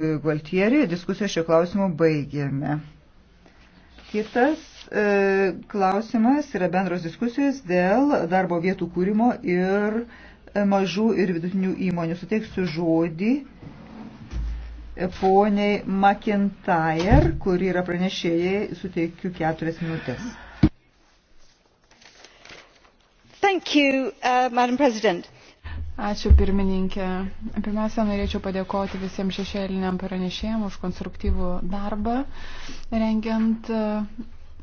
Gualtierį. Diskusiją šio klausimu baigėme. Kitas e, klausimas yra bendros diskusijos dėl darbo vietų kūrimo ir e, mažų ir vidutinių įmonių. Suteiksiu žodį e, poniai McIntyre, kuri yra pranešėjai, suteikiu keturias minutės. Thank you, uh, Madam President. Ačiū pirmininkė. Pirmiausia, norėčiau padėkoti visiems šešėliniam pranešėjim už konstruktyvų darbą, rengiant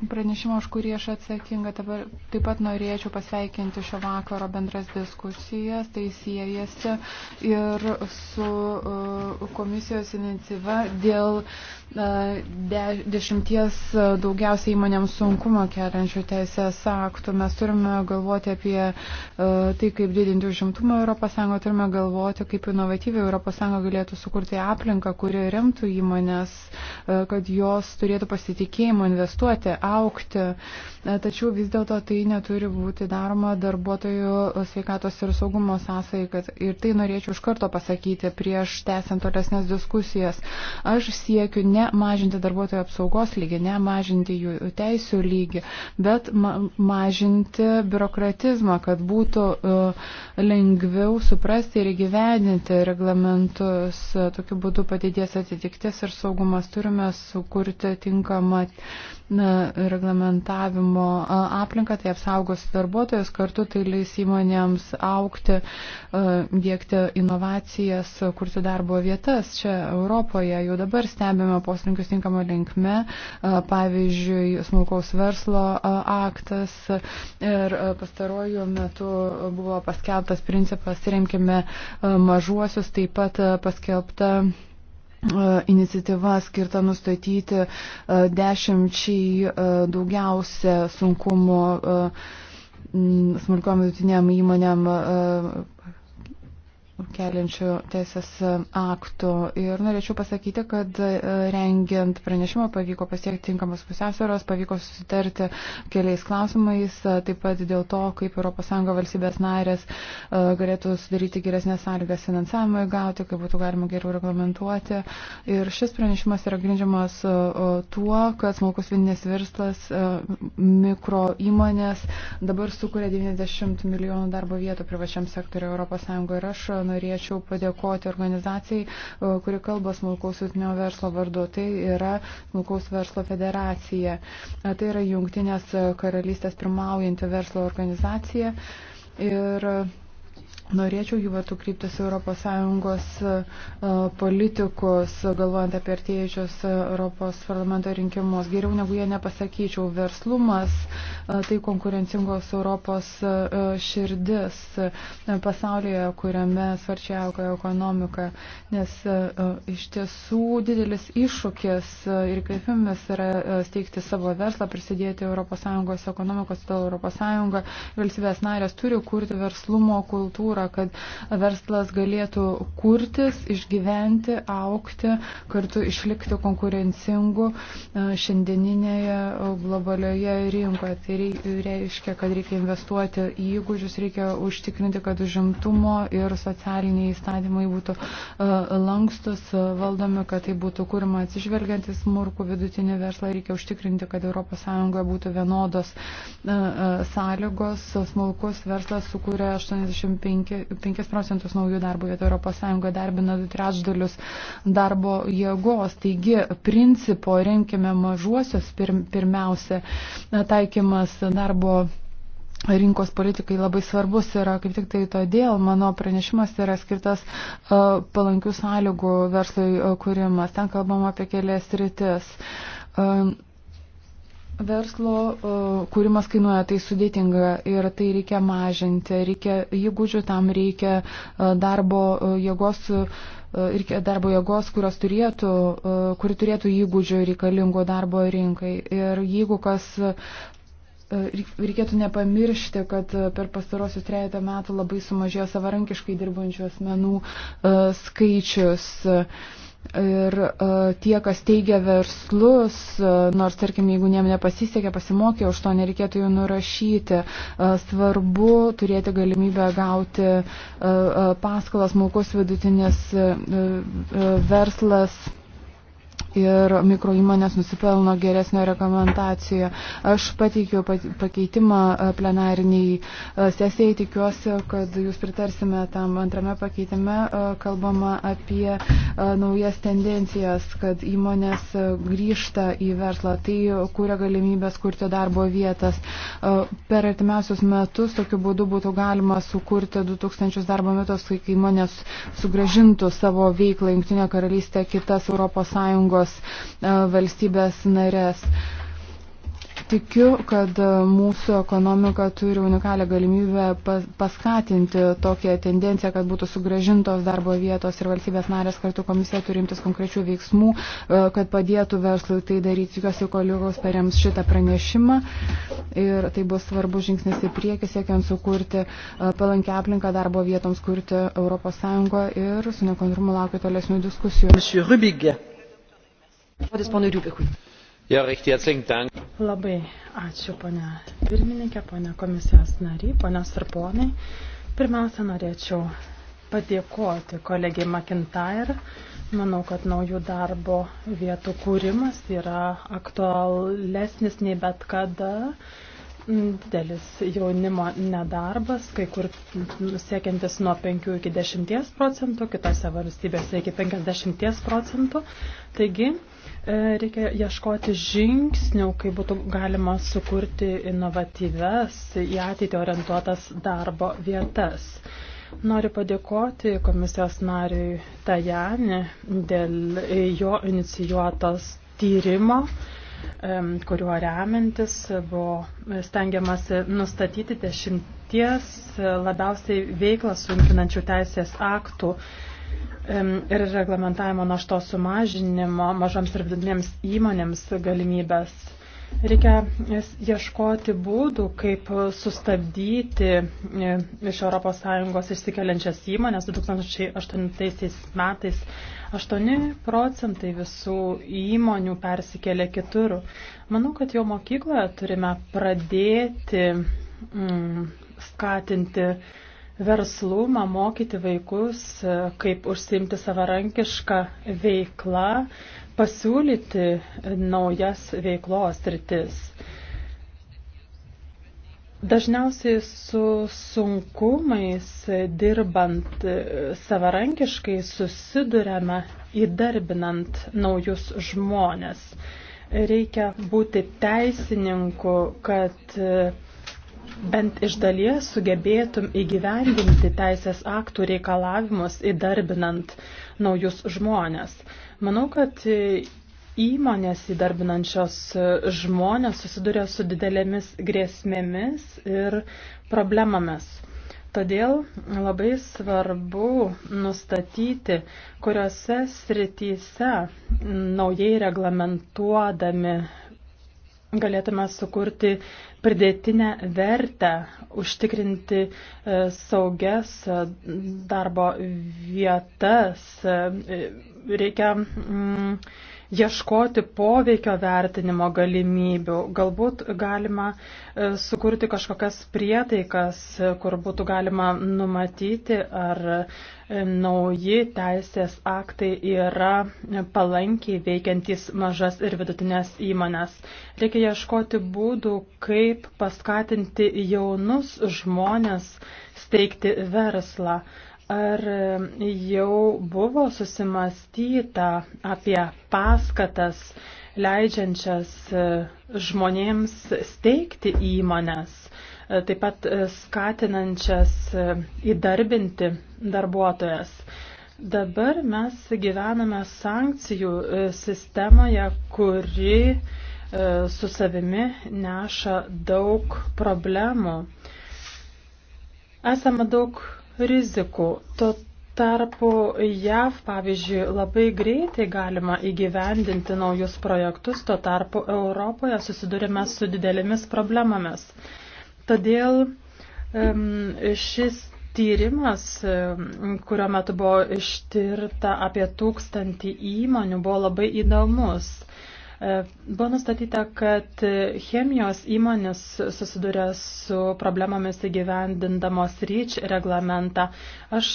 pranešimą, už kurį aš atsakinga. Taip pat norėčiau pasveikinti šio vakaro bendras diskusijas. Tai siejasi ir su uh, komisijos iniciatyva dėl uh, dešimties uh, daugiausiai įmonėms sunkumo keliančių teisės aktų. Mes turime galvoti apie tai, kaip didinti užimtumą ES, turime galvoti, kaip inovatyviai ES galėtų sukurti aplinką, kuri remtų įmonės, kad jos turėtų pasitikėjimą investuoti. A aukti, e, tačiau vis dėlto tai neturi būti daroma darbuotojų sveikatos ir saugumo sąsai, kad ir tai norėčiau iš karto pasakyti prieš tęsiant tolesnės diskusijas. Aš siekiu ne mažinti darbuotojų apsaugos lygį, ne mažinti jų teisų lygį, bet ma mažinti biurokratizmą, kad būtų uh, lengviau suprasti ir įgyveninti reglamentus. Tokiu būdu padidės atitiktis ir saugumas. Turime sukurti tinkamą na, reglamentavimo aplinką, tai apsaugos darbuotojus, kartu tai leis įmonėms aukti, dėkti inovacijas, kurti darbo vietas. Čia Europoje jau dabar stebime poslinkius tinkamą linkme, pavyzdžiui, smulkaus verslo aktas ir pastaruoju metu buvo paskelbtas principas remkime mažuosius, taip pat paskelbta E, iniciatyva skirta nustatyti e, dešimčiai e, daugiausia sunkumo smulkiom vidutiniam įmonėm keliančių teisės aktų. Ir norėčiau pasakyti, kad e, rengiant pranešimą pavyko pasiekti tinkamas pusiausvėros, pavyko susitarti keliais klausimais, e, taip pat dėl to, kaip ES valstybės narės e, galėtų sudaryti geresnės sąlygas finansavimui gauti, kaip būtų galima geriau reglamentuoti. Ir šis pranešimas yra grindžiamas tuo, kad smulkus vidinis verslas, mikro įmonės dabar sukuria 90 milijonų darbo vietų privačiam sektoriu ES. Ir aš norėčiau padėkoti organizacijai, e, kuri kalba smulkaus jūtinio verslo vardu. Tai yra smulkaus verslo federacija. E, tai yra jungtinės karalystės pirmaujanti verslo organizacija. Ir Norėčiau jų vartų kryptis ES e, politikus, galvojant apie artėjusius Europos parlamento rinkimus. Geriau negu jie nepasakyčiau, verslumas e, tai konkurencingos Europos e, širdis pasaulyje, kuriame svarčiai auga ekonomika. Nes iš tiesų didelis iššūkis ir kvėpimis yra steigti savo verslą, prisidėti ES ekonomikos, todėl ES valstybės narės turi kurti verslumo kultūrą kultūrą, kad verslas galėtų kurtis, išgyventi, aukti, kartu išlikti konkurencingu e, šiandieninėje e, globalioje rinkoje. Tai reiškia, kad reikia investuoti į įgūdžius, reikia užtikrinti, kad užimtumo ir socialiniai įstatymai būtų e, lankstus, valdomi, kad tai būtų kūrima atsižvelgiant į smurkų vidutinį verslą, reikia užtikrinti, kad ES būtų vienodos sąlygos. Smulkus verslas sukūrė 85 5 procentus naujų darbo vietų Europos Sąjungoje darbina trečdalius darbo jėgos. Taigi, principo renkime mažuosius pirmiausia taikymas darbo rinkos politikai labai svarbus yra, kaip tik tai todėl mano pranešimas yra skirtas e, palankių sąlygų verslui e, kūrimas. Ten kalbam apie kelias rytis. E, Verslo kūrimas kainuoja tai sudėtinga ir tai reikia mažinti, reikia įgūdžių, tam reikia darbo jėgos, reikia darbo jėgos, kurios turėtų, kuri turėtų įgūdžių reikalingų darbo rinkai. Ir jeigu kas Reikėtų nepamiršti, kad per pastarosius trejata metų labai sumažėjo savarankiškai dirbančių asmenų skaičius. Uh, Ir uh, tie, kas teigia verslus, uh, nors tarkim, jeigu jiem nepasisekė, pasimokė, už to nereikėtų jų nurašyti. Uh, svarbu turėti galimybę gauti uh, uh, paskolas, smulkus vidutinis uh, uh, verslas. Uh, ir mikroįmonės nusipelno geresnio rekomendaciją. Aš pateikiau pakeitimą e, plenariniai e, sesijai, tikiuosi, kad jūs pritarsime tam antrame pakeitime. E, kalbama apie naujas tendencijas, kad įmonės grįžta į verslą. Tai kūrė galimybės kurti darbo vietas. Per artimiausius metus tokiu būdu būtų galima sukurti 2000 darbo metus, kai įmonės sugražintų savo veiklą Junktinė karalystė, kitas ES skirtingos e, valstybės narės tikiu, kad e, mūsų ekonomika turi unikalią galimybę paskatinti tokią tendenciją, kad būtų sugražintos darbo vietos ir valstybės narės kartu komisija turi imtis konkrečių veiksmų, e, kad padėtų verslui tai daryti. Tikiuosi, kolegos parems šitą pranešimą ir tai bus svarbu žingsnis į priekį, siekiant sukurti palankę aplinką darbo vietoms kurti ES ir su nekantrumu laukiu tolesnių diskusijų. Žodis ponui Riubikui. Ja, recht herzlichen Dank. Labai ačiū, ponia pirmininkė, ponia komisijos nariai, ponios ir ponai. Pirmiausia, norėčiau padėkoti kolegiai McIntyre. Manau, kad naujų darbo vietų kūrimas yra aktualesnis nei bet kada Didelis jaunimo nedarbas, kai kur siekiantis nuo 5 iki 10 procentų, kitose valstybėse iki 50 procentų. Taigi e, reikia ieškoti žingsnių, kaip būtų galima sukurti inovatyves, į ateitį orientuotas darbo vietas. Noriu padėkoti komisijos nariui Tajani dėl jo inicijuotos tyrimo kuriuo remiantis buvo stengiamasi nustatyti dešimties labiausiai veiklą sunkinančių teisės aktų ir reglamentavimo naštos sumažinimo mažoms ir vidutinėms įmonėms galimybės. Reikia ieškoti būdų, kaip sustabdyti e, iš ES išsikeliančias įmonės. 2008 metais 8 procentai visų įmonių persikėlė kitur. Manau, kad jau mokykloje turime pradėti mm, skatinti verslumą, mokyti vaikus, kaip užsimti savarankišką veiklą, pasiūlyti naujas veiklos rytis. Dažniausiai su sunkumais dirbant savarankiškai susidurėme įdarbinant naujus žmonės. Reikia būti teisininku, kad bent iš dalies sugebėtum įgyvendinti teisės aktų reikalavimus įdarbinant naujus žmonės. Manau, kad Įmonės įdarbinančios e, žmonės susiduria su didelėmis grėsmėmis ir problemomis. Todėl labai svarbu nustatyti, kuriuose srityse naujai reglamentuodami galėtume sukurti pridėtinę vertę, užtikrinti e, saugias e, darbo vietas. Reikia mm, ieškoti poveikio vertinimo galimybių. Galbūt galima e, sukurti kažkokias prietaikas, e, kur būtų galima numatyti, ar e, nauji teisės aktai yra palankiai veikiantys mažas ir vidutinės įmonės. Reikia ieškoti būdų, kaip paskatinti jaunus žmonės steigti verslą. Ar jau buvo susimastyta apie paskatas leidžiančias e, žmonėms steigti įmonės, e, taip pat e, skatinančias įdarbinti darbuotojas? Dabar mes gyvename sankcijų sistemoje, kuri su savimi neša daug problemų. Esame daug rizikų. Tuo tarpu JAV, pavyzdžiui, labai greitai galima įgyvendinti naujus projektus, tuo tarpu Europoje susidurime su didelėmis problemomis. Todėl šis tyrimas, kurio metu buvo ištirta apie tūkstantį įmonių, buvo labai įdomus. E, buvo nustatyta, kad chemijos įmonės susiduria su problemomis įgyvendindamos ryč reglamentą. Aš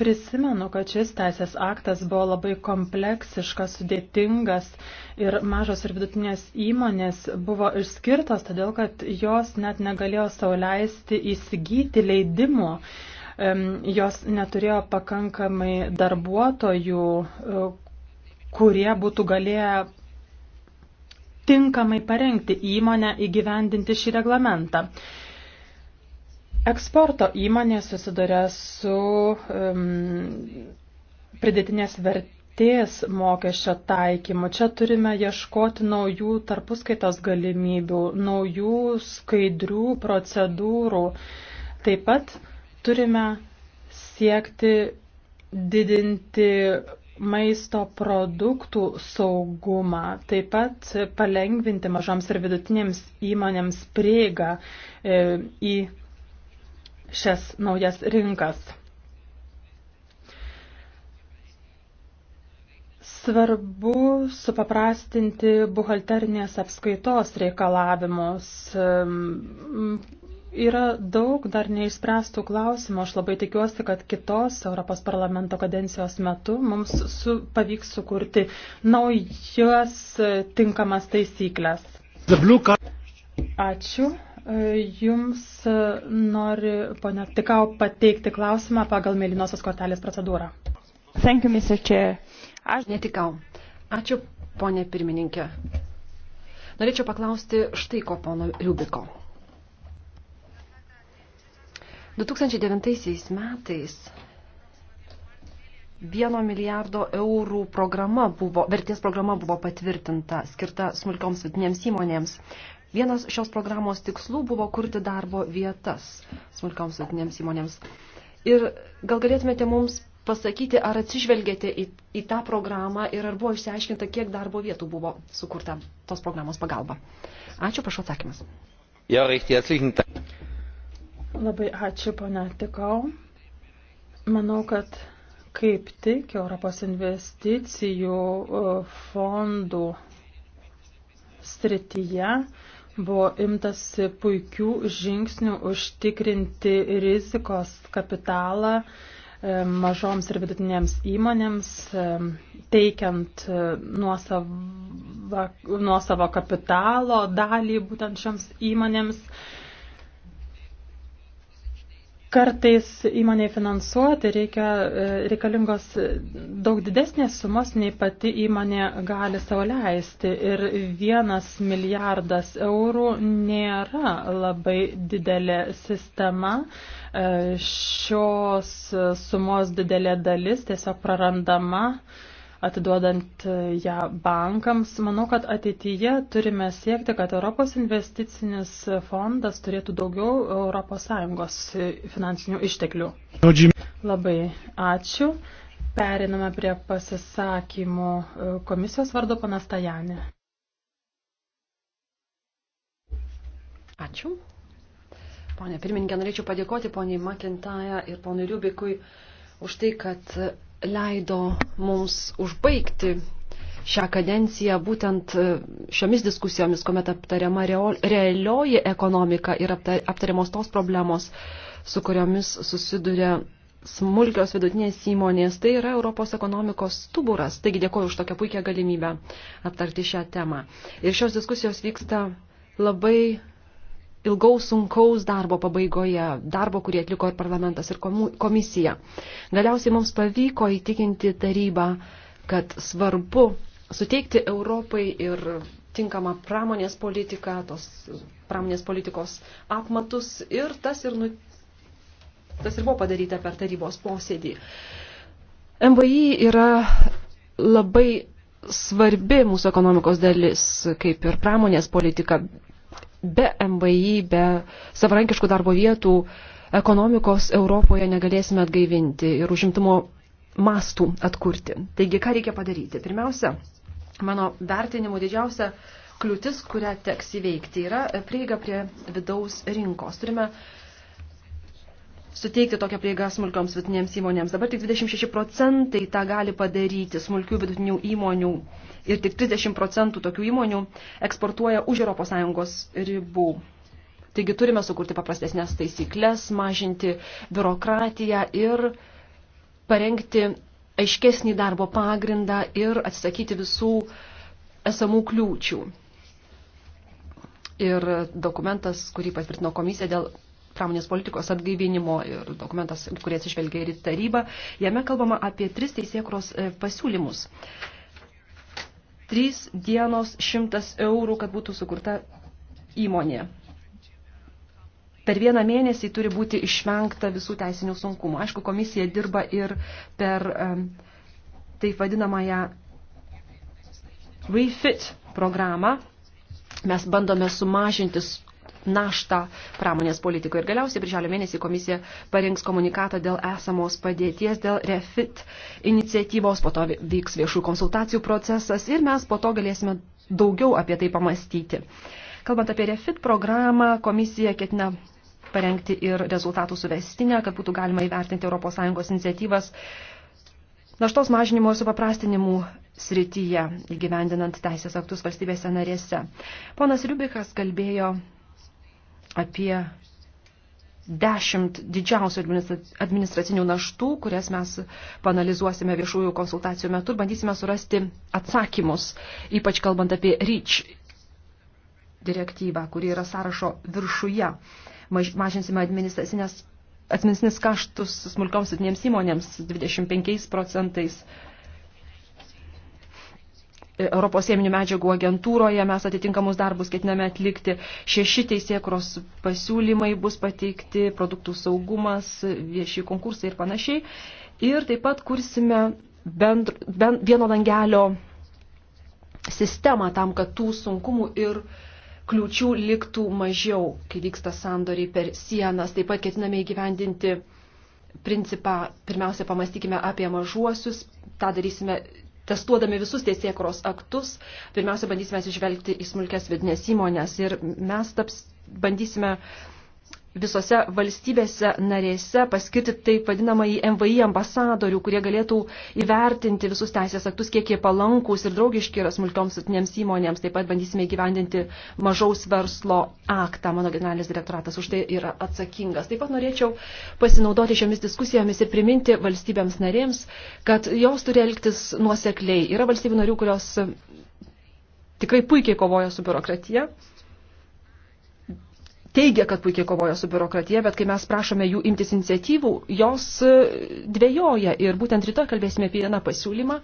prisimenu, kad šis teisės aktas buvo labai kompleksiškas, sudėtingas ir mažos ir vidutinės įmonės buvo išskirtos, todėl kad jos net negalėjo sauliaisti įsigyti leidimo. Jos neturėjo pakankamai darbuotojų, e, kurie būtų galėję tinkamai parengti įmonę įgyvendinti šį reglamentą. Eksporto įmonė susiduria su um, pridėtinės vertės mokesčio taikymu. Čia turime ieškoti naujų tarpuskaitos galimybių, naujų skaidrių procedūrų. Taip pat turime siekti didinti maisto produktų saugumą, taip pat palengvinti mažoms ir vidutinėms įmonėms prieigą e, į šias naujas rinkas. Svarbu supaprastinti buhalterinės apskaitos reikalavimus, Yra daug dar neišspręstų klausimų. Aš labai tikiuosi, kad kitos Europos parlamento kadencijos metu mums su, pavyks sukurti naujas e, tinkamas taisyklės. Ačiū. E, jums e, nori, ponia Tikau, pateikti klausimą pagal mėlynosios kortelės procedūrą. Thank you, Mr. Chair. Aš netikau. Ačiū, ponė pirmininkė. Norėčiau paklausti štai ko pono Rubiko. 2009 metais vieno milijardo eurų programa buvo, vertės programa buvo patvirtinta, skirta smulkioms vidinėms įmonėms. Vienas šios programos tikslų buvo kurti darbo vietas smulkioms vidinėms įmonėms. Ir gal galėtumėte mums pasakyti, ar atsižvelgėte į, į tą programą ir ar buvo išsiaiškinta, kiek darbo vietų buvo sukurta tos programos pagalba. Ačiū, prašau atsakymas. Ja, recht herzlichen Dank. Labai ačiū, pana Tikau. Manau, kad kaip tik Europos investicijų e, fondų srityje buvo imtasi puikių žingsnių užtikrinti rizikos kapitalą e, mažoms ir vidutinėms įmonėms, e, teikiant nuosavo, nuosavo kapitalo dalį būtent šioms įmonėms. Kartais įmoniai finansuoti reikia, e, reikalingos e, daug didesnės sumos, nei pati įmonė gali savo leisti. Ir vienas milijardas eurų nėra labai didelė sistema. E, šios sumos didelė dalis tiesiog prarandama atiduodant e, ją bankams. Manau, kad ateityje turime siekti, kad Europos investicinis fondas turėtų daugiau ES e, finansinių išteklių. Labai ačiū. Periname prie pasisakymų e, komisijos vardu panas Tajanė. Ačiū. Pone pirmininkė, norėčiau padėkoti poniai Makintaja ir ponui Riubikui už tai, kad leido mums užbaigti šią kadenciją būtent e, šiomis diskusijomis, kuomet aptariama realioji ekonomika ir aptariamos tos problemos, su kuriomis susiduria smulkios vidutinės įmonės. Tai yra Europos ekonomikos stuburas. Taigi dėkoju už tokią puikią galimybę aptarti šią temą. Ir šios diskusijos vyksta labai ilgaus sunkaus darbo pabaigoje, darbo, kurį atliko ir parlamentas, ir komisija. Galiausiai mums pavyko įtikinti tarybą, kad svarbu suteikti Europai ir tinkamą pramonės politiką, tos pramonės politikos apmatus ir tas ir, nu, tas ir buvo padaryta per tarybos posėdį. MVI yra labai svarbi mūsų ekonomikos dalis, kaip ir pramonės politika, be MVI, be savarankiškų darbo vietų ekonomikos Europoje negalėsime atgaivinti ir užimtumo mastų atkurti. Taigi, ką reikia padaryti? Pirmiausia, mano vertinimu didžiausia kliūtis, kurią teks įveikti, yra prieiga prie vidaus rinkos. Turime suteikti tokią prieigą smulkioms vidutinėms įmonėms. Dabar tik 26 procentai tą gali padaryti smulkių vidutinių įmonių ir tik 30 procentų tokių įmonių eksportuoja už ES ribų. Taigi turime sukurti paprastesnės taisyklės, mažinti biurokratiją ir parengti aiškesnį darbo pagrindą ir atsisakyti visų esamų kliūčių. Ir dokumentas, kurį patvirtino komisija dėl pramonės politikos atgaivinimo ir dokumentas, kurie atsižvelgia ir į tarybą, jame kalbama apie tris teisėkros e, pasiūlymus. Trys dienos šimtas eurų, kad būtų sukurta įmonė. Per vieną mėnesį turi būti išvengta visų teisinių sunkumų. Aišku, komisija dirba ir per taip vadinamąją refit programą. Mes bandome sumažintis naštą pramonės politikoje. Ir galiausiai birželio mėnesį komisija parinks komunikatą dėl esamos padėties, dėl refit iniciatyvos, po to vyks viešų konsultacijų procesas ir mes po to galėsime daugiau apie tai pamastyti. Kalbant apie refit programą, komisija ketina parengti ir rezultatų suvestinę, kad būtų galima įvertinti ES iniciatyvas naštos mažinimo ir supaprastinimų srityje, įgyvendinant teisės aktus valstybėse narėse. Ponas Riubikas kalbėjo apie dešimt didžiausių administracinių naštų, kurias mes panalizuosime viešųjų konsultacijų metu ir bandysime surasti atsakymus, ypač kalbant apie REACH direktyvą, kuri yra sąrašo viršuje. Mažinsime administracinės administrinis kaštus smulkioms vidinėms įmonėms 25 procentais Europos cheminių medžiagų agentūroje mes atitinkamus darbus ketiname atlikti. Šeši teisėkros pasiūlymai bus pateikti, produktų saugumas, vieši konkursai ir panašiai. Ir taip pat kursime bendr, bend, vieno langelio sistemą tam, kad tų sunkumų ir kliūčių liktų mažiau, kai vyksta sandoriai per sienas. Taip pat ketiname įgyvendinti principą, pirmiausia, pamastykime apie mažuosius, tą darysime testuodami visus teisėkros aktus, pirmiausia, bandysime atsižvelgti į smulkes vidinės įmonės ir mes taps, bandysime visose valstybėse narėse paskirti taip vadinamąjį MVI ambasadorių, kurie galėtų įvertinti visus teisės aktus, kiek jie palankūs ir draugiški yra smulkioms sutinėms įmonėms. Taip pat bandysime įgyvendinti mažaus verslo aktą. Mano generalinis direktoratas už tai yra atsakingas. Taip pat norėčiau pasinaudoti šiomis diskusijomis ir priminti valstybėms narėms, kad jos turi elgtis nuosekliai. Yra valstybių narių, kurios tikrai puikiai kovoja su biurokratija teigia, kad puikiai kovoja su biurokratija, bet kai mes prašome jų imtis iniciatyvų, jos e, dvėjoja. Ir būtent rytoj kalbėsime apie vieną pasiūlymą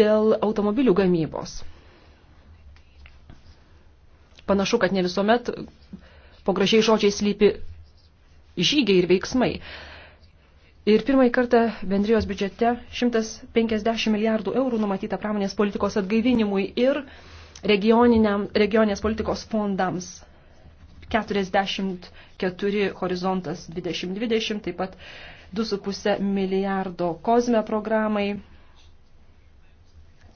dėl automobilių gamybos. Panašu, kad ne visuomet po gražiai žodžiais lypi žygiai ir veiksmai. Ir pirmąjį kartą bendrijos biudžete 150 milijardų eurų numatyta pramonės politikos atgaivinimui ir regioninės politikos fondams 44 horizontas 2020, taip pat 2,5 milijardo kozme programai.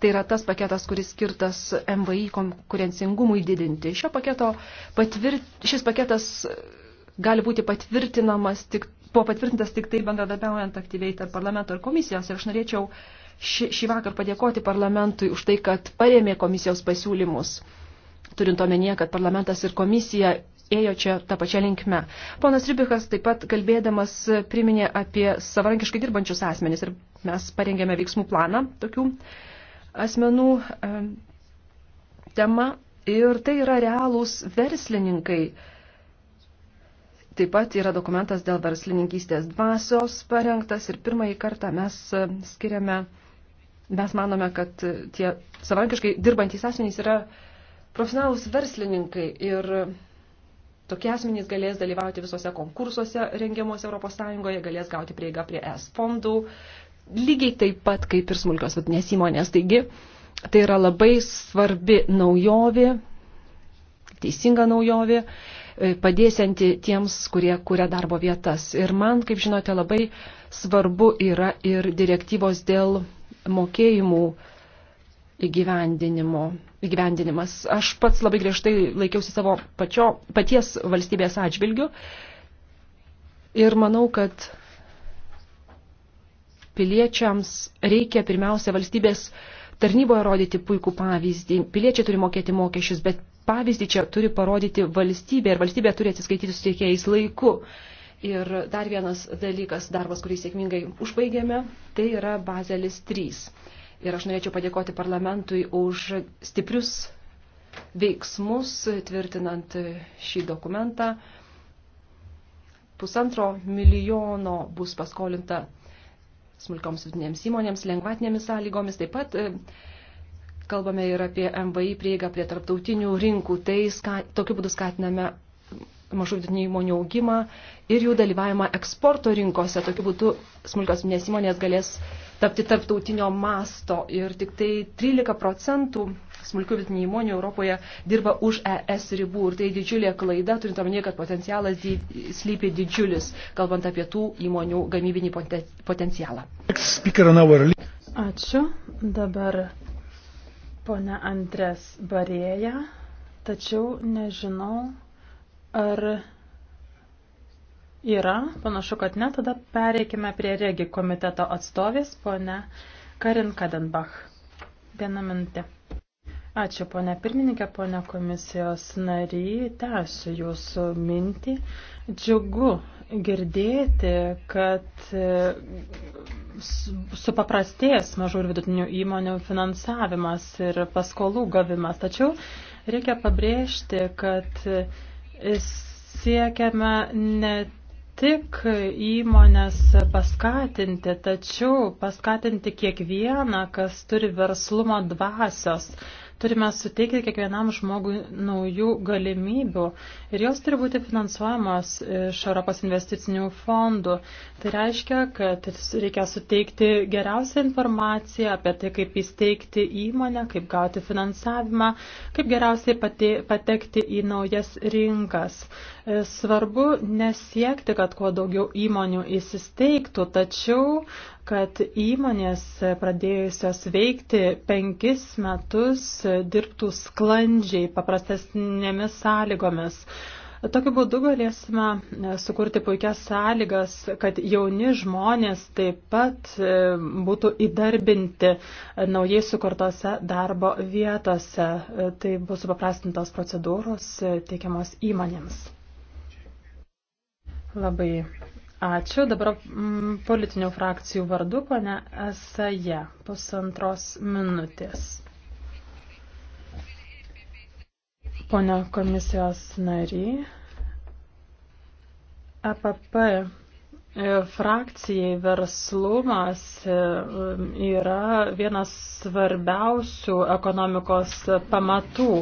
Tai yra tas paketas, kuris skirtas MVI konkurencingumui didinti. Šio paketo patvirt, šis paketas gali būti patvirtinamas tik, po patvirtintas tik tai bendradarbiaujant aktyviai tarp parlamento ir komisijos. Ir aš norėčiau šį, šį vakar padėkoti parlamentui už tai, kad parėmė komisijos pasiūlymus turint omenyje, kad parlamentas ir komisija ėjo čia tą pačią linkmę. Ponas Ribikas taip pat kalbėdamas priminė apie savarankiškai dirbančius asmenys ir mes parengėme veiksmų planą tokių asmenų e, tema ir tai yra realūs verslininkai. Taip pat yra dokumentas dėl verslininkystės dvasios parengtas ir pirmąjį kartą mes skiriame, mes manome, kad tie savarankiškai dirbantys asmenys yra profesionalūs verslininkai ir Tokie asmenys galės dalyvauti visose konkursuose rengiamuose Europos Sąjungoje, galės gauti prieigą prie ES fondų, lygiai taip pat kaip ir smulkios vidinės įmonės. Taigi, tai yra labai svarbi naujovė, teisinga naujovė, e, padėsianti tiems, kurie kuria darbo vietas. Ir man, kaip žinote, labai svarbu yra ir direktyvos dėl mokėjimų įgyvendinimo įgyvendinimas. Aš pats labai griežtai laikiausi savo pačio, paties valstybės atžvilgių ir manau, kad piliečiams reikia pirmiausia valstybės tarnyboje rodyti puikų pavyzdį. Piliečiai turi mokėti mokesčius, bet pavyzdį čia turi parodyti valstybė ir valstybė turi atsiskaityti su tiekėjais laiku. Ir dar vienas dalykas, darbas, kurį sėkmingai užbaigėme, tai yra bazelis 3 Ir aš norėčiau padėkoti parlamentui už stiprius veiksmus, tvirtinant šį dokumentą. Pusantro milijono bus paskolinta smulkioms vidinėms įmonėms, lengvatinėmis sąlygomis. Taip pat e, kalbame ir apie MVI prieigą prie tarptautinių rinkų. Tai ska, tokiu būdu skatiname mažų vidutinių įmonių augimą ir jų dalyvavimą eksporto rinkose. Tokiu būdu smulkios minės įmonės galės tapti tarptautinio masto ir tik tai 13 procentų smulkių vidutinių įmonių Europoje dirba už ES ribų ir tai didžiulė klaida, turint omenyje, kad potencialas dy slypi didžiulis, kalbant apie tų įmonių gamybinį poten potencialą. Ačiū. Dabar ponia Andres Barėja, tačiau nežinau, Ar yra? Panašu, kad ne. Tada pereikime prie regi komiteto atstovės, ponė Karin Kadenbach. Vieną minutę. Ačiū, ponė pirmininkė, ponė komisijos nary, tęsiu jūsų mintį. Džiugu girdėti, kad e, supaprastės mažų ir vidutinių įmonių finansavimas ir paskolų gavimas. Tačiau reikia pabrėžti, kad siekiame ne tik įmonės paskatinti, tačiau paskatinti kiekvieną, kas turi verslumo dvasios, Turime suteikti kiekvienam žmogui naujų galimybių ir jos turi būti finansuojamos iš Europos investicinių fondų. Tai reiškia, kad reikia suteikti geriausią informaciją apie tai, kaip įsteigti įmonę, kaip gauti finansavimą, kaip geriausiai patekti į naujas rinkas. E, svarbu nesiekti, kad kuo daugiau įmonių įsisteigtų, tačiau kad įmonės pradėjusios veikti penkis metus dirbtų sklandžiai, paprastesnėmis sąlygomis. Tokiu būdu galėsime sukurti puikias sąlygas, kad jauni žmonės taip pat e, būtų įdarbinti naujai sukurtose darbo vietose. E, tai bus supaprastintos procedūros e, teikiamos įmonėms. Labai Ačiū. Dabar m, mm, politinių frakcijų vardu, pane Esaje, pusantros minutės. Pone komisijos nary, EPP e, frakcijai verslumas e, yra vienas svarbiausių ekonomikos pamatų.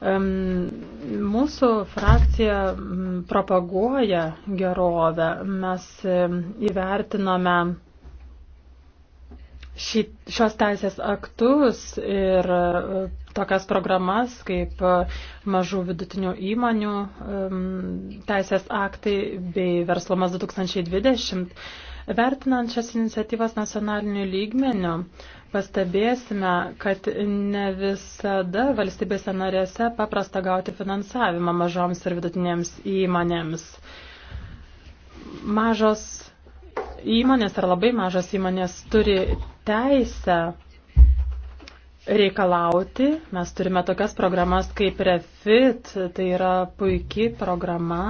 Mūsų frakcija propaguoja gerovę. Mes įvertinome šį, šios teisės aktus ir e, tokias programas kaip e, mažų vidutinių įmonių teisės aktai bei verslumas 2020. Vertinant šias iniciatyvas nacionaliniu lygmeniu, pastebėsime, kad ne visada valstybėse narėse paprasta gauti finansavimą mažoms ir vidutinėms įmonėms. Mažos įmonės ar labai mažos įmonės turi teisę reikalauti. Mes turime tokias programas kaip Refit, tai yra puikiai programa.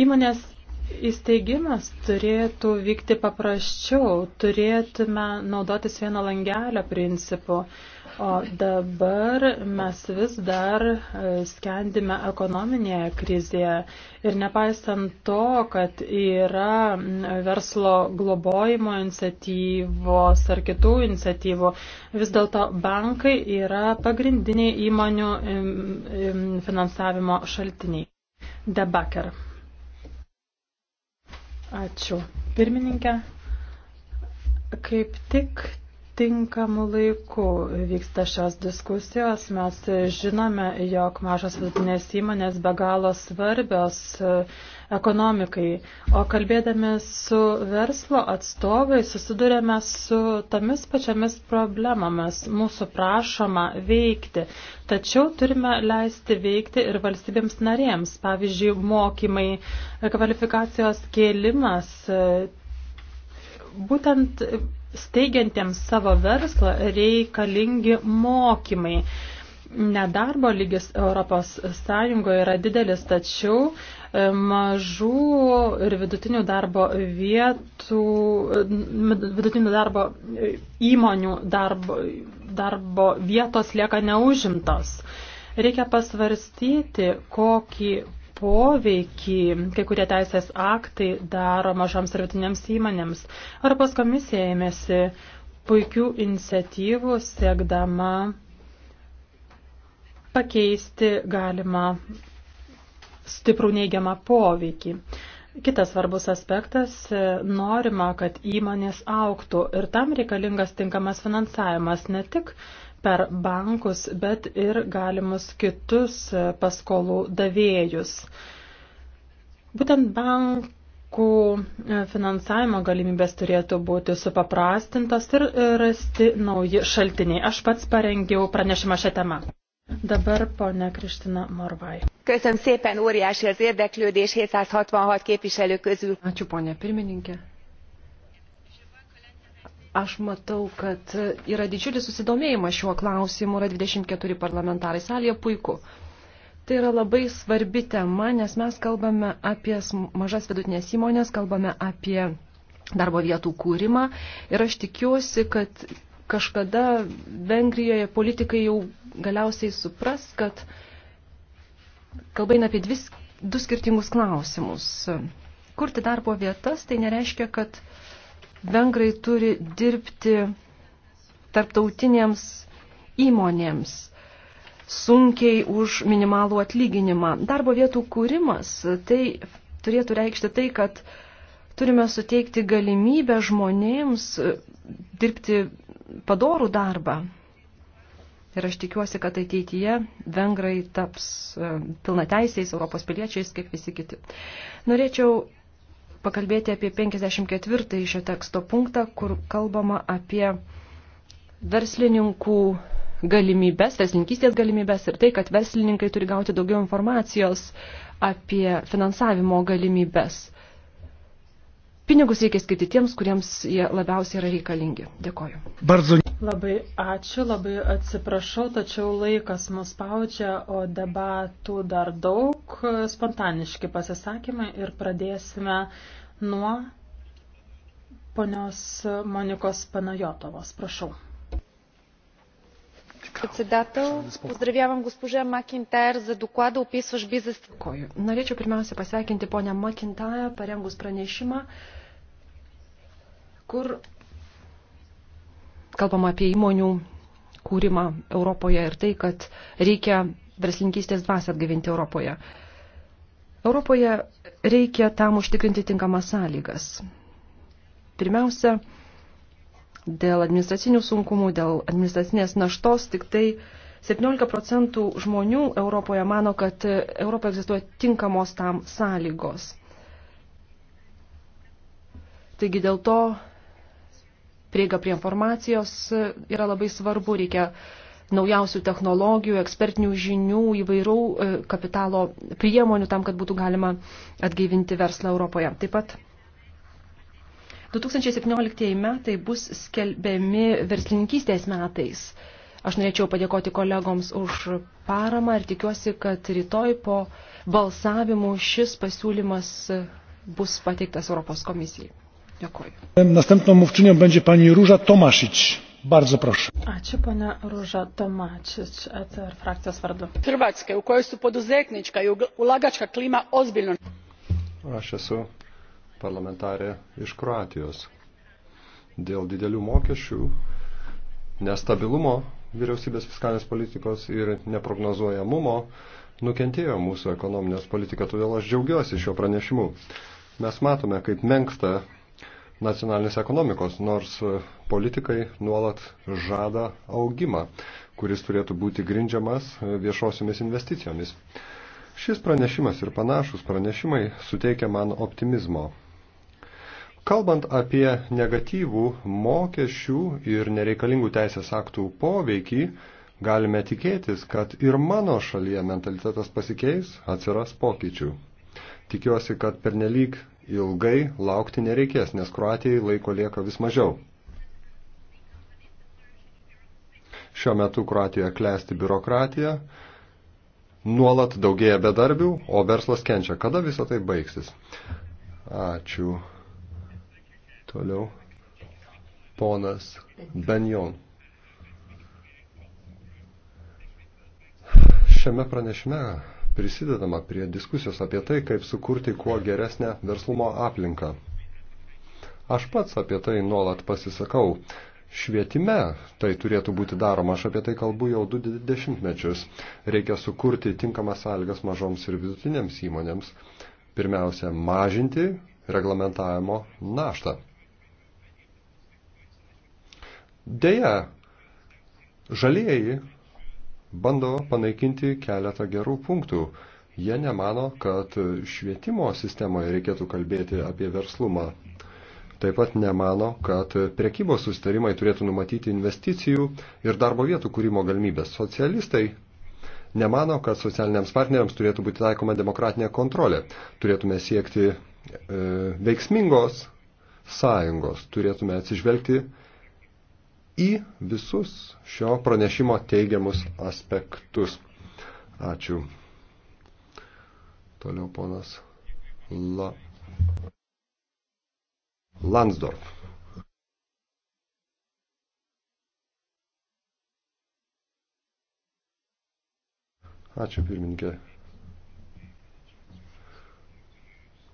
Įmonės Įsteigimas turėtų vykti paprasčiau, turėtume naudotis vieno langelio principu, o dabar mes vis dar e, skendime ekonominėje krizėje ir nepaisant to, kad yra verslo globojimo iniciatyvos ar kitų iniciatyvų, vis dėlto bankai yra pagrindiniai įmonių finansavimo šaltiniai. Debaker. Ačiū. Pirmininkė, kaip tik tinkamu laiku vyksta šios diskusijos. Mes žinome, jog mažos vidutinės įmonės be galo svarbios e, ekonomikai. O kalbėdami su verslo atstovai susidurėme su tomis pačiamis problemomis. Mūsų prašoma veikti. Tačiau turime leisti veikti ir valstybėms narėms. Pavyzdžiui, mokymai, kvalifikacijos kėlimas. Būtent steigiantiems savo verslą reikalingi mokymai. Nedarbo lygis Europos Sąjungoje yra didelis, tačiau e, mažų ir vidutinių darbo vietų, vidutinių darbo e, įmonių darbo, darbo vietos lieka neužimtos. Reikia pasvarstyti, kokį poveikį kai kurie teisės aktai daro mažoms ir vidutinėms įmonėms. Europos komisija ėmėsi puikių iniciatyvų siekdama pakeisti galimą stiprų neigiamą poveikį. Kitas svarbus aspektas - norima, kad įmonės auktų ir tam reikalingas tinkamas finansavimas ne tik per bankus, bet ir galimus kitus paskolų davėjus. Būtent bank bankų finansavimo galimybės turėtų būti supaprastintas ir rasti nauji šaltiniai. Aš pats parengiau pranešimą šią temą. Dabar ponia Kristina Morvai. Köszönöm szépen óriási az érdeklődés 766 képviselő közül. Ačiū ponia pirmininkė. Aš matau, kad yra didžiulis susidomėjimas šiuo klausimu, yra 24 parlamentarai salėje, puiku. Tai yra labai svarbi tema, nes mes kalbame apie mažas vidutinės įmonės, kalbame apie darbo vietų kūrimą ir aš tikiuosi, kad kažkada Vengrijoje politikai jau galiausiai supras, kad kalbain apie dvi, du skirtingus klausimus. Kurti darbo vietas tai nereiškia, kad uh, vengrai turi dirbti tarptautinėms įmonėms sunkiai už minimalų atlyginimą. Darbo vietų kūrimas tai turėtų reikšti tai, kad turime suteikti galimybę žmonėms dirbti padorų darbą. Ir aš tikiuosi, kad ateityje vengrai taps pilnateisiais Europos piliečiais, kaip visi kiti. Norėčiau pakalbėti apie 54 šio teksto punktą, kur kalbama apie verslininkų galimybės, verslininkystės galimybės ir tai, kad verslininkai turi gauti daugiau informacijos apie finansavimo galimybės. Pinigus reikia skirti tiems, kuriems jie labiausiai yra reikalingi. Dėkoju. Bardzo. Labai ačiū, labai atsiprašau, tačiau laikas mus spaudžia, o debatų dar daug. Spontaniški pasisakymai ir pradėsime nuo ponios Monikos Panajotovos. Prašau председател. Поздравявам госпожа Макинтайр за доклада, описващ бизнес. Norėčiau pirmiausia pasveikinti ponę Makintają, parengus pranešimą, kur kalbama apie įmonių kūrimą Europoje ir tai, kad reikia verslininkystės dvasę atgavinti Europoje. Europoje reikia tam užtikrinti tinkamas sąlygas. Pirmiausia, dėl administracinių sunkumų, dėl administracinės naštos, tik tai 17 procentų žmonių Europoje mano, kad Europoje egzistuoja tinkamos tam sąlygos. Taigi dėl to prieiga prie informacijos e, yra labai svarbu, reikia naujausių technologijų, ekspertinių žinių, įvairių e, kapitalo priemonių tam, kad būtų galima atgaivinti verslą Europoje. Taip pat 2017 metai bus skelbiami verslininkystės metais. Aš norėčiau padėkoti kolegoms už paramą ir tikiuosi, kad rytoj po balsavimų šis pasiūlymas bus pateiktas Europos komisijai. Dėkuoju. Następną mūvčinę bendžia pani Rūža Tomašič. Bardzo proszę. Ačiū, ponia Rūža Tomašič, ECR frakcijos vardu. Hrvatske, u kojoj su poduzetnička i ulagačka klima ozbiljno. Aš esu parlamentarė iš Kroatijos. Dėl didelių mokesčių, nestabilumo vyriausybės fiskalinės politikos ir neprognozuojamumo nukentėjo mūsų ekonominės politika, todėl aš džiaugiuosi šio pranešimu. Mes matome, kaip menksta nacionalinės ekonomikos, nors e, politikai nuolat žada augimą, kuris turėtų būti grindžiamas e, viešosiomis investicijomis. Šis pranešimas ir panašus pranešimai suteikia man optimizmo. Kalbant apie negatyvų mokesčių ir nereikalingų teisės aktų poveikį, galime tikėtis, kad ir mano šalyje mentalitetas pasikeis, atsiras pokyčių. Tikiuosi, kad pernelyg ilgai laukti nereikės, nes Kroatijai laiko lieka vis mažiau. Šiuo metu Kroatijoje klesti biurokratija, nuolat daugėja bedarbių, o verslas kenčia. Kada visą tai baigsis? Ačiū. Toliau. Ponas Benjon. Šiame pranešime prisidedama prie diskusijos apie tai, kaip sukurti kuo geresnę verslumo aplinką. Aš pats apie tai nuolat pasisakau. Švietime tai turėtų būti daroma, aš apie tai kalbu jau du dešimtmečius. Reikia sukurti tinkamas sąlygas mažoms ir vidutinėms įmonėms. Pirmiausia, mažinti reglamentavimo naštą. Deja, žalieji bando panaikinti keletą gerų punktų. Jie nemano, kad švietimo sistemoje reikėtų kalbėti apie verslumą. Taip pat nemano, kad prekybos sustarimai turėtų numatyti investicijų ir darbo vietų kūrimo galimybės. Socialistai nemano, kad socialiniams partneriams turėtų būti taikoma demokratinė kontrolė. Turėtume siekti e, veiksmingos sąjungos, turėtume atsižvelgti į visus šio pranešimo teigiamus aspektus. Ačiū. Toliau ponas La... Lansdorf. Ačiū pirmininkė.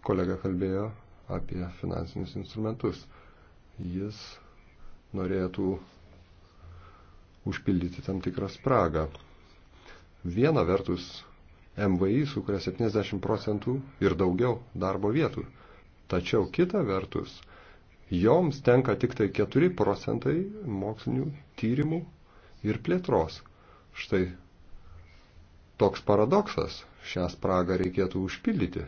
Kolega kalbėjo apie finansinius instrumentus. Jis norėtų užpildyti tam tikrą spragą. Viena vertus, MVI sukuria 70 procentų ir daugiau darbo vietų. Tačiau kita vertus, joms tenka tik tai 4 procentai mokslinių tyrimų ir plėtros. Štai toks paradoksas. Šią spragą reikėtų užpildyti.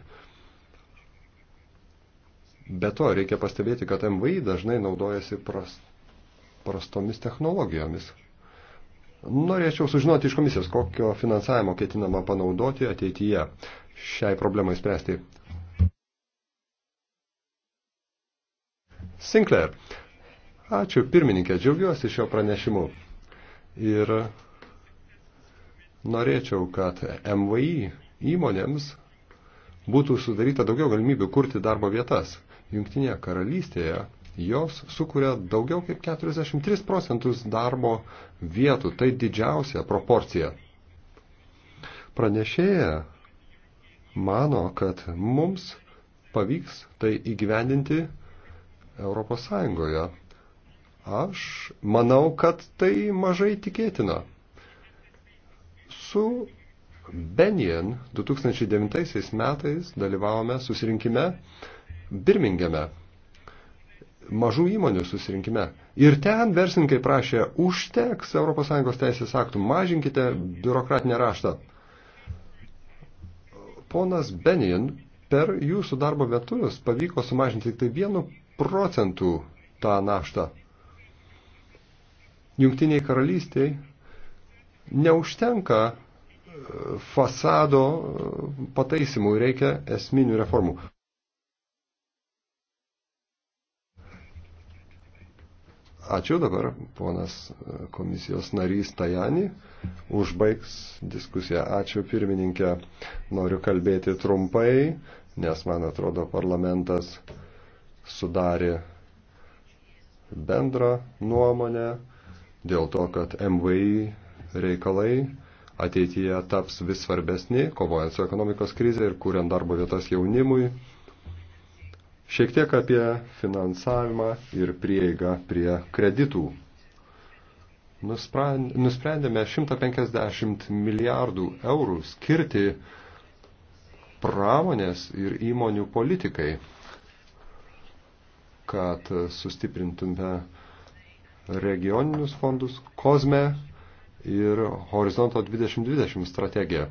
Be to, reikia pastebėti, kad MVI dažnai naudojasi pras, prastomis technologijomis. Norėčiau sužinoti iš komisijos, kokio finansavimo ketinama panaudoti ateityje šiai problemai spręsti. Sinclair, ačiū pirmininkė, džiaugiuosi šio pranešimu. Ir norėčiau, kad MVI įmonėms būtų sudaryta daugiau galimybių kurti darbo vietas. Jungtinėje karalystėje Jos sukuria daugiau kaip 43 procentus darbo vietų. Tai didžiausia proporcija. Pranešėja mano, kad mums pavyks tai įgyvendinti Europos Sąjungoje. Aš manau, kad tai mažai tikėtina. Su Benjen 2009 metais dalyvavome susirinkime Birmingeme mažų įmonių susirinkime. Ir ten verslininkai prašė, užteks ES teisės aktų, mažinkite biurokratinę raštą. Ponas Benin per jūsų darbo metus pavyko sumažinti tik tai vienu procentų tą naštą. Jungtiniai karalystiai neužtenka e, fasado e, pataisimų, reikia esminių reformų. Ačiū dabar ponas e, komisijos narys Tajani. Užbaigs diskusiją. Ačiū pirmininkė. Noriu kalbėti trumpai, nes man atrodo parlamentas sudarė bendrą nuomonę dėl to, kad MVI reikalai ateityje taps vis svarbesni, kovojant su ekonomikos krize ir kuriant darbo vietas jaunimui. Šiek tiek apie finansavimą ir prieigą prie kreditų. Nusprendėme 150 milijardų eurų skirti pramonės ir įmonių politikai, kad sustiprintume regioninius fondus, kozme ir horizonto 2020 strategiją.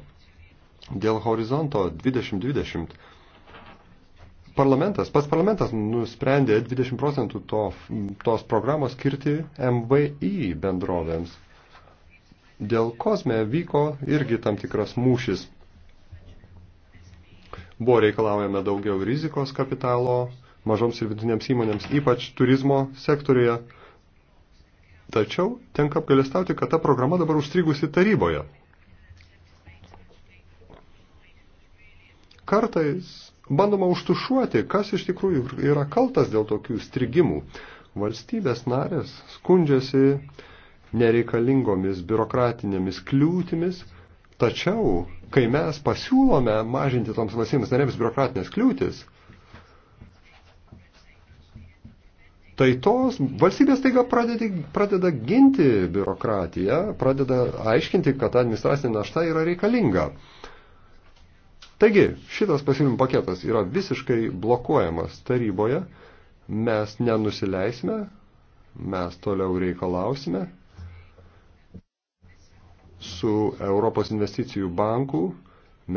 Dėl horizonto 2020 parlamentas, pats parlamentas nusprendė 20 procentų to, tos programos skirti MVI bendrovėms. Dėl kosme vyko irgi tam tikras mūšis. Buvo reikalaujama daugiau rizikos kapitalo mažoms ir vidutinėms įmonėms, ypač turizmo sektoriuje. Tačiau tenka apgalėstauti, kad ta programa dabar užstrigusi taryboje. Kartais bandoma užtušuoti, kas iš tikrųjų yra kaltas dėl tokių strigimų. Valstybės narės skundžiasi nereikalingomis biurokratinėmis kliūtimis, tačiau, kai mes pasiūlome mažinti toms valstybės narėms biurokratinės kliūtis, tai tos valstybės taiga pradeda, pradeda ginti biurokratiją, pradeda aiškinti, kad administracinė našta yra reikalinga. Taigi, šitas pasiūlymų paketas yra visiškai blokuojamas taryboje, mes nenusileisime, mes toliau reikalausime su Europos investicijų banku,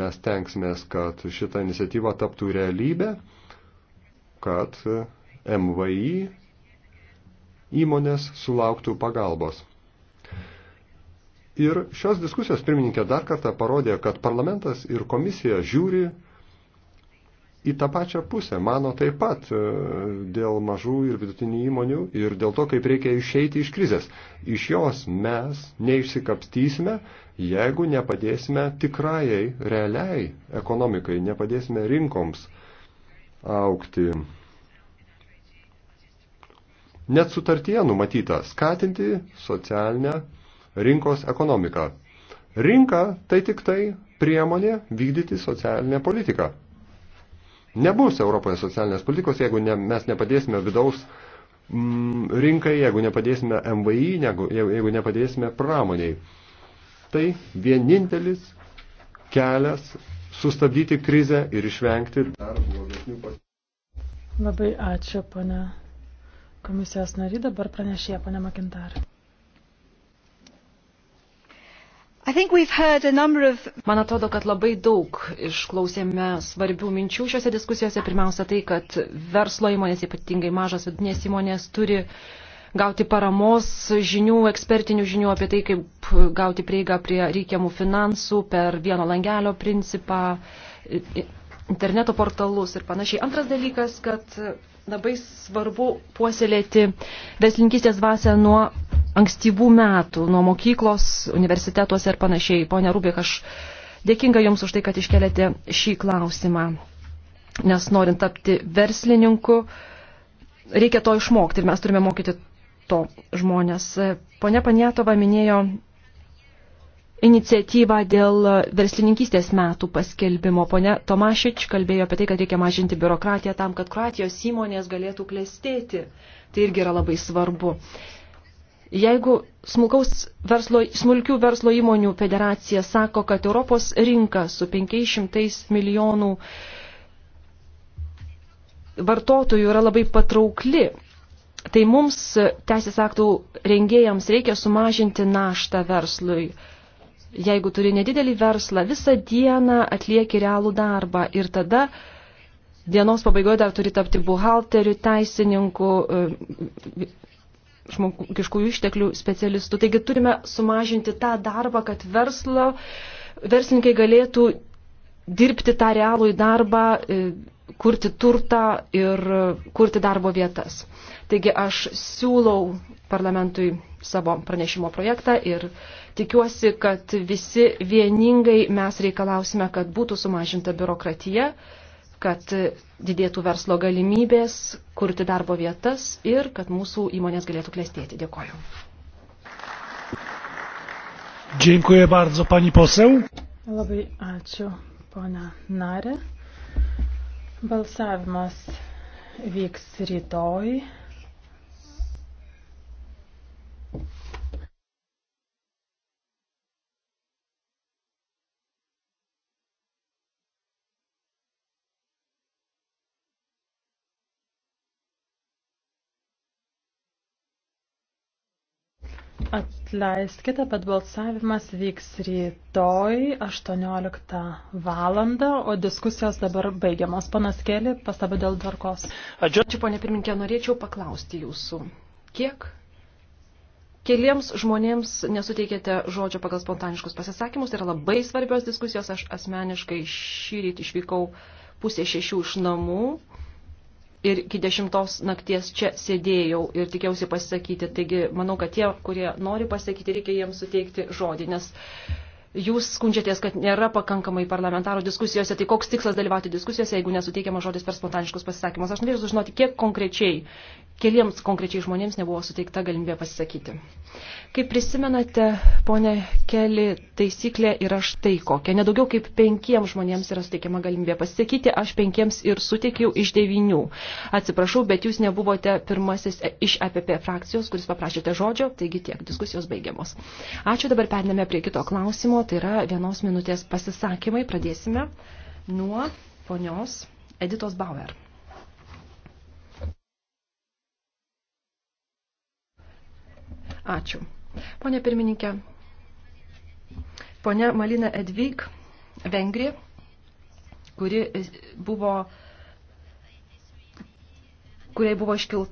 mes tenksimės, kad šita iniciatyva taptų realybę, kad MVI įmonės sulauktų pagalbos. Ir šios diskusijos pirmininkė dar kartą parodė, kad parlamentas ir komisija žiūri į tą pačią pusę. Mano taip pat e, dėl mažų ir vidutinių įmonių ir dėl to, kaip reikia išeiti iš krizės. Iš jos mes neišsikapstysime, jeigu nepadėsime tikrajai, realiai ekonomikai, nepadėsime rinkoms aukti. Net sutartyje numatyta skatinti socialinę rinkos ekonomiką. Rinka tai tik tai priemonė vykdyti socialinę politiką. Nebus Europoje socialinės politikos, jeigu ne, mes nepadėsime vidaus mm, rinkai, jeigu nepadėsime MVI, jeigu, jeigu nepadėsime pramoniai. Tai vienintelis kelias sustabdyti krizę ir išvengti dar blogesnių pasiekmių. Labai ačiū, pane komisijos nary, dabar pranešė, pane Makintarė. Man atrodo, kad labai daug išklausėme svarbių minčių šiuose diskusijose. Pirmiausia tai, kad verslo įmonės, ypatingai mažas vidinės įmonės, turi gauti paramos žinių, ekspertinių žinių apie tai, kaip gauti prieigą prie reikiamų finansų per vieno langelio principą, interneto portalus ir panašiai. Antras dalykas, kad labai svarbu puoselėti verslininkystės dvasę nuo ankstyvų metų, nuo mokyklos, universitetuose ir panašiai. Pone Rubik, aš dėkinga Jums už tai, kad iškelėte šį klausimą, nes norint tapti verslininku, reikia to išmokti ir mes turime mokyti to žmonės. Pone Panietova minėjo iniciatyvą dėl verslininkystės metų paskelbimo. Pone Tomašič kalbėjo apie tai, kad reikia mažinti biurokratiją tam, kad Kroatijos įmonės galėtų klestėti. Tai irgi yra labai svarbu. Jeigu smulkaus verslo, smulkių verslo įmonių federacija sako, kad Europos rinka su 500 milijonų vartotojų yra labai patraukli, tai mums teisės aktų rengėjams reikia sumažinti naštą verslui. Jeigu turi nedidelį verslą, visą dieną atlieki realų darbą ir tada dienos pabaigoje dar turi tapti buhalteriu, teisininku, žmogiškųjų išteklių specialistų. Taigi turime sumažinti tą darbą, kad verslo, verslininkai galėtų dirbti tą realų į darbą, e, kurti turtą ir kurti darbo vietas. Taigi aš siūlau parlamentui savo pranešimo projektą ir tikiuosi, kad visi vieningai mes reikalausime, kad būtų sumažinta biurokratija kad didėtų verslo galimybės, kurti darbo vietas ir kad mūsų įmonės galėtų klestėti. Dėkoju. Dziękuję bardzo, pani poseł. Labai ačiū, ponia Narė. Balsavimas vyks rytoj. Atleiskite, bet balsavimas vyks rytoj 18 valandą, o diskusijos dabar baigiamos. Panas Kėlė, pastaba dėl tvarkos. Ačiū, ponė pirminkė, norėčiau paklausti jūsų. Kiek keliems žmonėms nesuteikėte žodžio pagal spontaniškus pasisakymus? Tai yra labai svarbios diskusijos. Aš asmeniškai šį rytį išvykau pusė šešių iš namų ir iki dešimtos nakties čia sėdėjau ir tikėjausi pasisakyti. Taigi manau, kad tie, kurie nori pasakyti, reikia jiems suteikti žodį, nes Jūs skundžiatės, kad nėra pakankamai parlamentarų diskusijose, tai koks tikslas dalyvauti diskusijose, jeigu nesuteikiama žodis per spontaniškus pasisakymus. Aš norėčiau sužinoti, kiek konkrečiai, keliems konkrečiai žmonėms nebuvo suteikta galimybė pasisakyti. Kaip prisimenate, ponė Keli, taisyklė yra štai kokia. Nedaugiau kaip penkiems žmonėms yra suteikiama galimybė pasisakyti, aš penkiems ir suteikiau iš devynių. Atsiprašau, bet jūs nebuvote pirmasis iš APP frakcijos, kuris paprašėte žodžio, taigi tiek diskusijos baigiamos. Ačiū, dabar pernėme prie kito klausimo klausimo, tai yra vienos minutės pasisakymai. Pradėsime nuo ponios Editos Bauer. Ačiū. Pone pirmininkė, ponia Malina Edvig, Vengrija, kuri buvo, kuriai buvo iškilta.